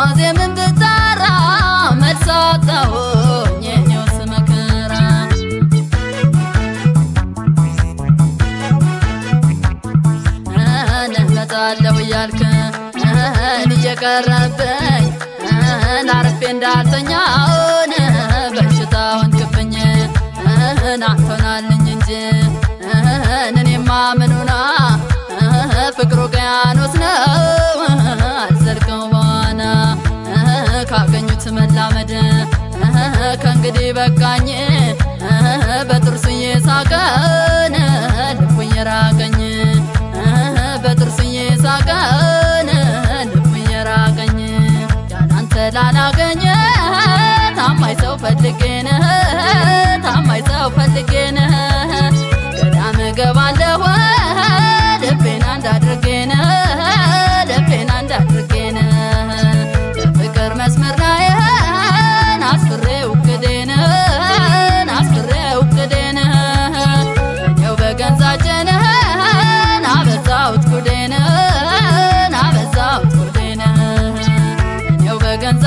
ማዜምን ብጠራ መልስ አጣሁኝ የኔውስ መከራ ነለታለሁ እያልክ እየቀረብኝ አርፌ እንዳልተኛውን በሽታውን ክፍኝ ናቶናልኝ እንጂ እኔማ ምኑና ፍቅሩ ገያኖስ ነው መላመድ ከእንግዲህ በቃኝ በጥርሱ እየሳቀን ልቡ እየራቀኝ በጥርሱ እየሳቀን ልቡ እየራቀኝ ያናንተ ላላገኘ ታማኝ ሰው ፈልጌ ነህ ታማኝ ሰው ፈልጌ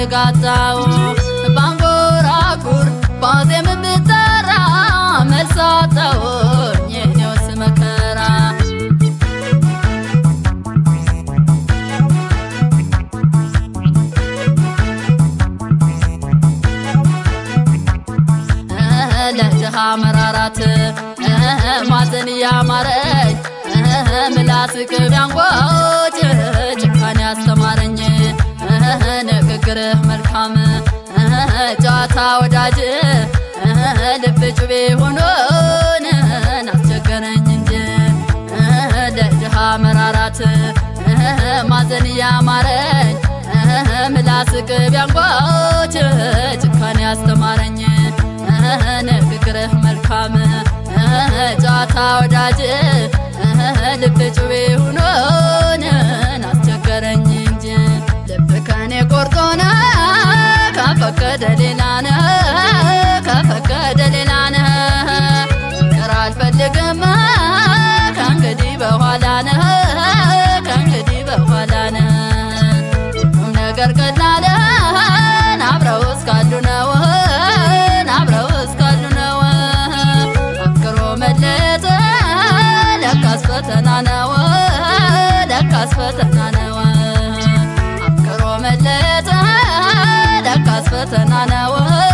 ልጋታው ባንጎራጉር ባዜም ብጠራ መልሳተው የኔውስ መከራ ለድሃ መራራት ማዘን እያማረኝ ምላስ ቅብ ያንጓጭ ጭካኔ ያስተማረኝ ንግግርህ መልካም ጨዋታ ወዳጅ ልብ ጩቤ ሆኖን አስቸገረኝ እንጂ ለድሃ መራራት ማዘን እያማረኝ ምላስ ቅብ ያንጓች ጭካኔ ያስተማረኝ ንግግርህ መልካም ጨዋታ ወዳጅ ልብ ጩቤ ሆኖን ነው ከፈቀደ ሌላ ከፈቀደ አልፈልግም ከእንግዲህ በኋላ ከእንግዲህ በኋላ ነው ነገር ቀላለን አብረው እስካሉ ነው አብረው እስካሉ ነው አፍቅሮ መለየት ለካስ ፈተና ነው ለካስ ፈተና But fatana I was.